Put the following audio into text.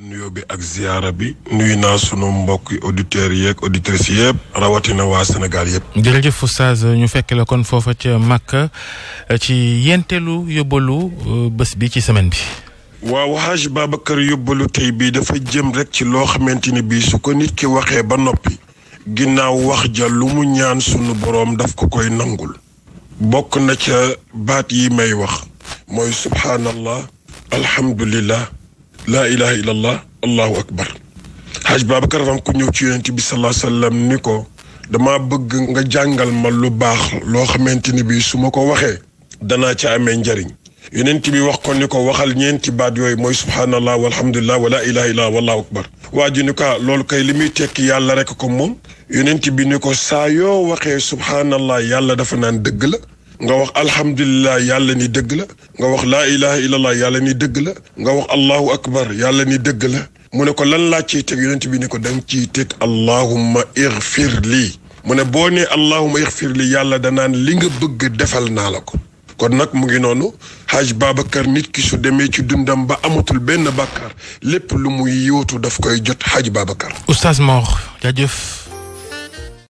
nuyoo bi ak ziyaara bi nuyu naa sunu mbokki auditeurs yeeg auditrices yëpp rawatina waa Sénégal yëpp. jërëjëf Oustaz ñu fekk la kon foofa ca Makka ci yenteelu yóbbalu euh, bés bi ci semaine bi. waaw Haj Babacar yóbbalu tey bii dafa jëm rek ci loo xamante ni bii su ko nit ki waxee ba noppi. ginnaaw wax ja lu mu ñaan sunu boroom daf ko koy nangul. bokk na ca baat yi may wax. mooy subhanallah alhamdulillah. لا إله إلا الله الله أكبر حاج بابكر رام ku ñëw ci yonent bi salaa sallam ni ko dama bëgg nga jàngal ma lu bax lo xamanteni bi suma ko waxe dana ci amé njariñ yonent bi wax ko niko waxal ñenti baat yoy moy subhanallah walhamdulillah wala ilaha illa wallahu akbar waji ji ni kay limi muy tekki yàlla rek ko mom yonent bi niko sa yo waxe subhanallah yàlla dafa nan deug la nga wax alhamdulilah yàlla ni dëgg la nga wax laa ilaha illallah yàlla ni dëgg la nga wax allahu akbar yàlla ni dëgg la mu ne ko lan laa ciy teg yonent bi ni ko da nga ciy teg allahumma igfir lii mu ne boo nee allahumma igfir lii yàlla danaan li nga bëgg defal naa la ko kon nag mu ngi noonu Haj Babacar nit ki su demee ci dundam ba amatul benn bàkkaar lépp lu muy yóotu daf koy jot Haj Babacar.